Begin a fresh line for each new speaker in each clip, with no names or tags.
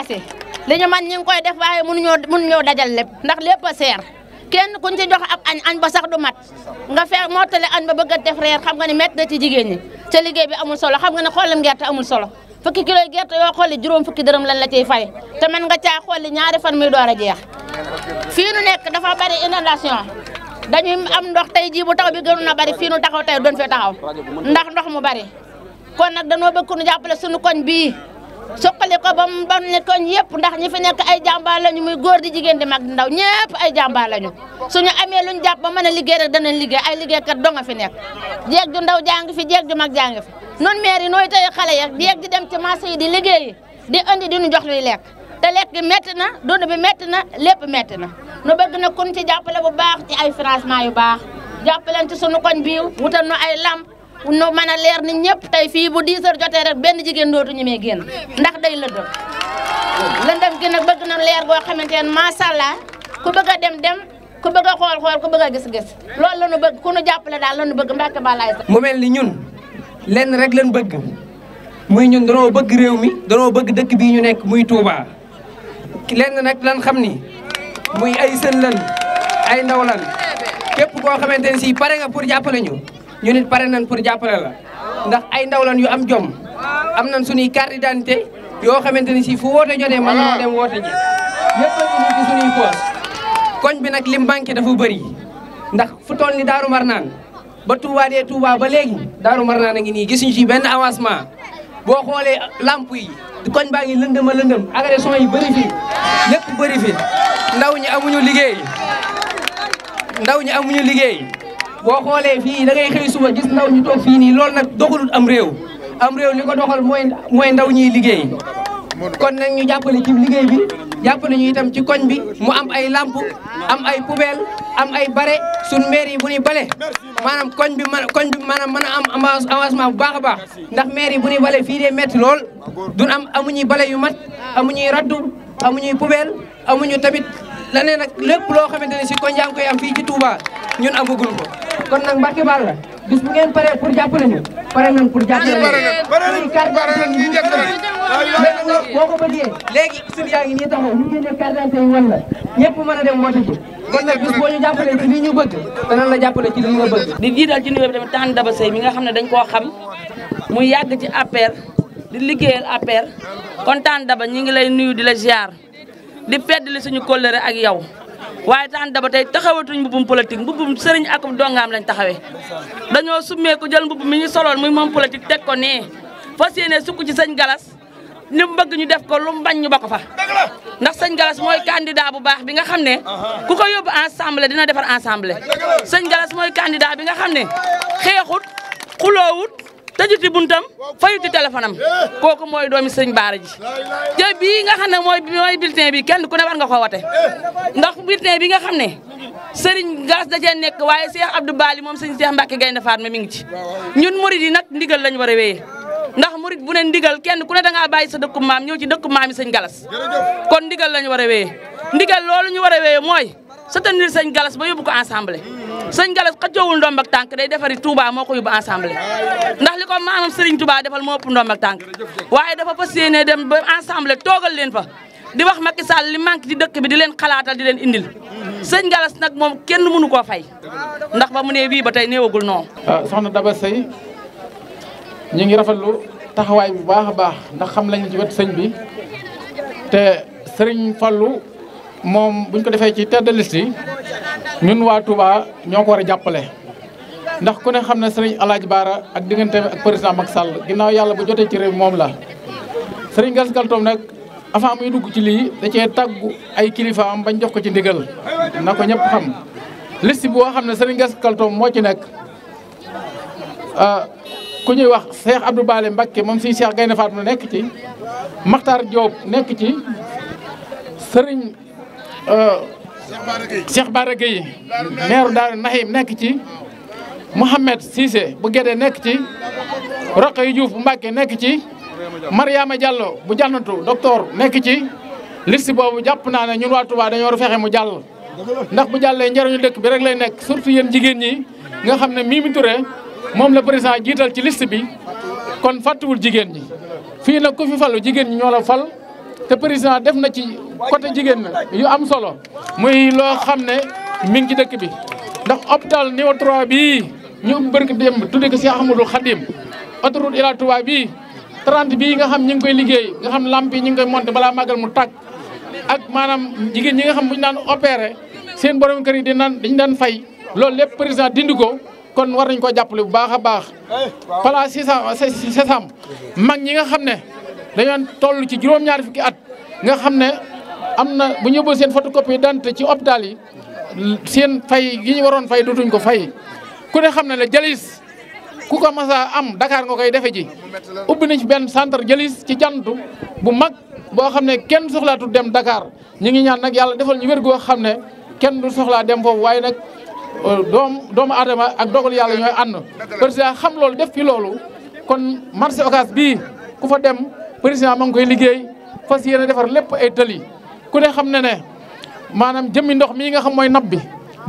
passé li ñu man ñu ngi koy def waaye mënuñoo mënuñoo dajal lépp ndax lépp a seer kenn kuñ ci ab añ añ ba sax du mat nga feer mottale añ ba bëgg a def reer xam nga ne métti na ci jigéen ñi te liggéey bi amul solo xam nga ne xoolam gerte amul solo fukki kilo gerte yoo xooli juróom fukki dërëm lan la ciy fay te man nga caa xooli ñaari fan muy door a jeex fii nu nekk dafa bari inondation dañuy am ndox tey jii bu taw bi gënu na bari fii nu taxaw tey doon fi taxaw ndax ndox mu bari suqali ko ba mu ban ne koñ yëpp ndax ñi fi nekk ay jàmbaar lañu muy góor di jigéen di mag di ndaw ñëpp ay jàmbaar lañu suñu amee luñ jàpp ba mën a liggéey rek danañ liggéey ay liggéeykat dong a fi nekk jeeg ju ndaw jàng fi jeeg ju mag jàng fi nun maire yi nooy tey xale ya jeeg di dem ci marché yi di liggéeyi di andi di ñu jox luy lekk te lekk gi métti na dund bi métti na lépp métti na nu bëgg na kun ci jàppale bu baax ci ay financement yu baax jàppaleen ci suñu koñ bii wutal nu ay lamp nu mën a leer ni ñëpp tey fii bu 10 heures jotee rek benn jigéen dootu ñu mee génn ndax day lëndëm lëndëm gi nag bëgg na leer goo xamante ne macha allah ku bëgg a dem dem ku bëgg a xool xool ku bëgg a gis-gis loolu la ñu bëgg ku nu jàppale daal la ñu bëgg mbàkk balaay sax.
mu mel ni ñun lenn rek lañ bëgg muy ñun danoo bëgg réew mi danoo bëgg dëkk bii ñu nekk muy Touba lenn nag lan xam ni muy ay sën lan ay ndaw lan képp goo xamante ne si pare nga pour jàppale ñu. ñu nit pare nañ pour jàppale la ndax ay ndaw lañ yu am jom am nañ suñuy carte d'identité yoo xamante ni si fu woote jotee mën nañoo dem woote ji yëpp lañu ci koñ bi nag lim banqué dafa bëri ndax fu toll ni Daaru naan ba Touba dee ba léegi Daaru Marnaan a ngi nii gisuñu ci benn avancement boo xoolee lamp yi koñ baa ngi lëngëm a lëndëm agression yi bëri fi lépp bëri fi ndaw ñi amuñu liggéey ndaw ñi amuñu liggéey boo xoolee fii da ngay suba gis ndaw ñu toog fii nii loolu nag doxalut am réew am réew li ko doxal mooy mooy ndaw ñiy liggéey kon nag ñu jàppale ci liggéey bi jàppale ñu itam ci koñ bi mu am ay lamp am ay poubelle am ay bare sun maire yi bu ñuy bale maanaam koñ bi man koñ bi maanaam mën a am avancement bu baax a baax ndax maire yi bu ñuy bale fii dee métti lool duñ am amuñuy bale yu mat amuñuy raddu amuñuy poubelle amuñu tamit leneen nag lépp loo xamante ne si koñ yaa ngi koy am fii ci Touba ñun amagul ko kon nag Mbacke Balla la bu ngeen paree pour jàppale ñu pare nañ pour jàppale ñu. pare nañ pare boo ko bëggee léegi suñu yaa ngi ngi ne carte d'identité yi wan ñëpp mën a dem woote ji. boo ñu jàppalee ci li ñu bëgg danañ la jàppale
ci li bëgg. di jiital ci nuyoo bi tamit tànn Daba Seye mi nga xam ne dañ koo xam mu yàgg ci APR di liggéeyal APR kon tànn Daba ñu ngi lay nuyu di la ziar di fedd li suñu kóllëre ak yow waaye taan daba tey taxawatuñ mbubbum politique mbubbum sëriñ akum dongaam lañ taxawee dañoo summeeku jël mbubb mi ñu soloon muy moom politique teg ko nee fas yéene sukk ci sëñ galas ni mu bëgg ñu def ko lu mu bañ ñu ba fa ndax sëñ galas mooy candidat bu baax bi nga xam ne ku ko yóbbu ensemble dina defar ensemble sëñ galas mooy candidat bi nga xam ne xeexut xuloowut tëjuti buntam fayuti téléphone am kooku mooy doomi sëñ Baara ji te bii nga xam ne mooy mooy bulletin bi kenn ku ne war nga ko wote ndax bulletin bi nga xam ne Serigne Gass da cee nekk waaye Cheikh Abdou Bali moom sëñ Cheikh Mbacke Gaynde Fatma mi ngi ci ñun murid yi nag ndigal lañ war a wéyee ndax murid bu ne ndigal kenn ku ne dangaa bàyyi sa dëkku maam ñëw ci dëkku maam yi sëñ Galas kon ndigal lañ war a wéyee ndigal loolu ñu war a wéyee mooy soutenir sëñ Galas ba yóbbu ko ensemble sëñ Galas xëccoowul ndomb ak tànk day defari Touba moo ko yóbbu ensemble ndax li ko maamam Serigne Touba defal moo ëpp ndomb ak tànk waaye dafa fas yéene dem ba ensemble toogal leen fa di wax Macky Sall li manque ci dëkk bi di leen xalaatal di leen indil sëñ Galas nag moom kenn mënu koo fay ndax ba mu nee wii ba tey néewagul non.
Ah, soxna Daba Seye ñu ngi rafetlu taxawaay bu baax a baax ndax xam lañu ci wet sëñ bi te Serigne Fallou moom buñ ko defee ci te de liste yi ñun waa Touba ñoo ko war a jàppale ndax ku ne xam ne sëriñ Alaaji Baara ak digganteem ak président Macky Sall ginnaaw yàlla bu jotee ci réew moom la sëriñ Gass Kaltoum nag avant muy dugg ci lii da cee tàggu ay kilifaam bañ jox ko ci ndigal ndax ko ñëpp xam liste boo xam ne sëriñ gas Kaltoum moo ci nekk ah, ku ñuy wax Cheikh Abdou Bale Mbacké moom si Cheikh Gaynde Fatma nekk ci Makhtar Diop nekk ci sëriñ Cheikh Bara Gueye meeru Daaru Nahim nekk ci Mouhamed Cissé bu Gédé nekk ci yi Diouf bu Mbàkke nekk ci Mariama Diallo bu jànnatu docteur nekk ci liste boobu jàpp naa ne ñun waa Touba dañoo war a fexe mu jàll ndax bu jàllee njëriñu dëkk bi rek lay nekk surtout yéen jigéen ñi nga xam ne Mimi Touré moom la président jiital ci list bi kon fàttuwul jigéen ñi fii nag ku fi falu jigéen ñi ñoo la fal te président def na ci côté jigéen na yu am solo muy loo xam ne mi ngi ci dëkk bi ndax hôpital niveau 3 bii ñu bërk dem tudde ko si Ahmadou Khadim autoroute Ila Touba bii 30 bii nga xam ñu ngi koy liggéey nga xam lamp yi ñu ngi koy monté balaa màggal mu tàkk ak maanaam jigéen ñi nga xam bu ñu daan opéré seen borom kër yi di naan dañu daan fay loolu lépp président dindi ko kon war nañ koo jàppale bu baax a baax pala sisam sesam mag ñi nga xam ne dañoon toll ci juróom-ñaar fukki at nga xam ne am na bu ñu yóbboo seen photocopie d'identité ci hôpital yi seen fay gi ñu waroon fay dutuñ ko fay ku ne xam na ne jalis ku ko masa am dakaar nga koy defe ji ubbi nañ fi benn centre jalis ci jantu bu mag boo xam ne kenn soxlaatu dem dakaar ñu ngi ñaan nag yàlla defal ñi wér goo xam ne kenn du soxlaa dem foofu waaye nag euh, doom doomu aadama ak dogal yàlla ñooy ànd président xam loolu def fi loolu kon marché Ocass bii ku fa dem président ma ngi koy liggéey fas yéene defar lépp ay tëli ku ne xam ne ne maanaam jëmmi ndox mii nga xam mooy nab bi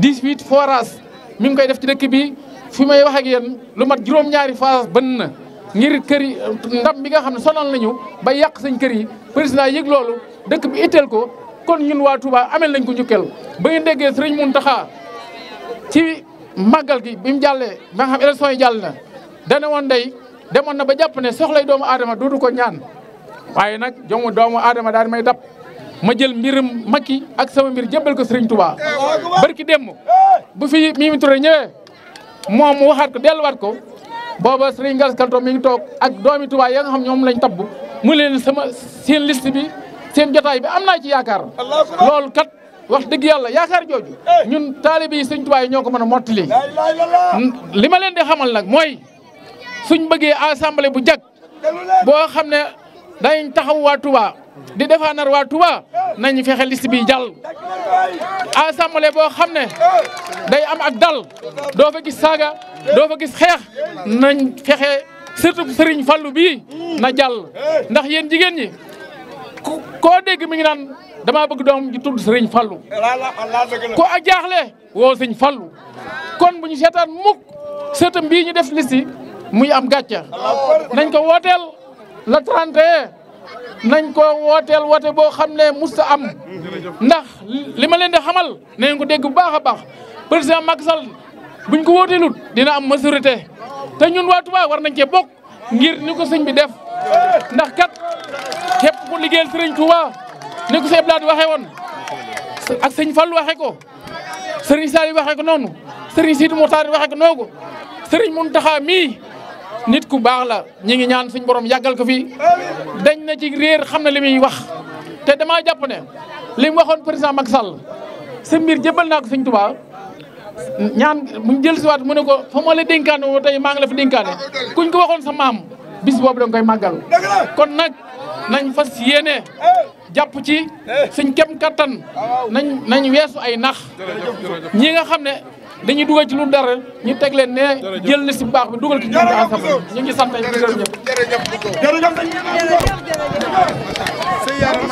18 forage mi ngi koy def ci dëkk bi fi may wax ak yéen lu mat juróom-ñaari forage bënn na ngir kër yi ndam bi nga xam ne sonal nañu ba yàq sañ kër yi président yëg loolu dëkk bi itteel ko kon ñun waa Touba amel nañ ko njukkeel ba ngeen déggee mun taxa ci màggal gi bi mu jàllee ba xam élection yi jàll na dane woon day demoon na ba jàpp ne soxlay doomu aadama dootu ko ñaan waaye nag jomu doomu aadama daal may dab ma jël mbiram Macky ak sama mbir jëbbal ko Serigne Touba barki démb bu fi Mimi Touré ñëwee moom mu waxaat ko waat ko booba Serigne Gallas Kalto mi ngi toog ak doomi Touba ya nga xam ñoom lañ tabb mu leen sama seen liste bi seen jotaay bi am naa ci yaakaar loolu kat wax dëgg yàlla yaakaar jooju ñun taalibe yi Serigne Touba yi ñoo ko ma a mottali li ma leen di xamal nag mooy suñ bëggee assemblée bu jag boo xam ne danañ taxawu waa Touba di defaanar waa Touba nañ fexe liste bi jàll. assemblée boo xam ne day am ak dal doo fa gis saaga doo fa gis xeex nañ fexe surtout Serigne fallu bi na jàll ndax yéen jigéen ñi koo dégg mi ngi naan damaa bëgg doom ji tudd Serigne fallu ko a jaaxle woo Serigne Fallou kon bu ñu seetaan mukk sëtam bii ñu def liste muy am gàcca nañ ko wooteel. le 31 nañ ko wooteel woote boo xam ne musta am ndax li ma leen di xamal na ngeen ko dégg bu baax a baax président Macky Sall buñ ko wooteelut dina am majorité te ñun waa Touba war nañ cee bok ngir ni ko sëñ bi def ndax kat képp ku liggéeyal sëriñ Touba nu ko sëñ Blaat waxee woon ak sëñ Fall waxe ko sëriñ Saliou waxee ko noonu sëriñ Sidou Moutar waxee ko noogu sëriñ Mountakha mii nit ku baax la ñi ngi ñaan suñ borom yàggal ko fi dañ na ci réer xam na li muy wax te damaa jàpp ne li waxoon président Macky Sall si mbir jëbal naa ko suñ Tuubaa ñaan buñ jël si waat mu ne ko fa ma la dénkaane woo tey maa ngi la fi dénkaane kuñ ko waxoon sa maam bis boobu da koy màggal kon nag nañ fa yéene jàpp ci suñ kem kattan nañ nañ weesu ay nax ñi nga xam ne dañuy dugal ci lu dara ñu teg leen ne jël na si baax bi dugal ci ñun daal ñu ngi sant ñu ngi gërëm ñëpp. jërëjëf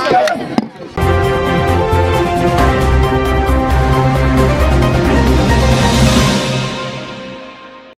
jërëjëf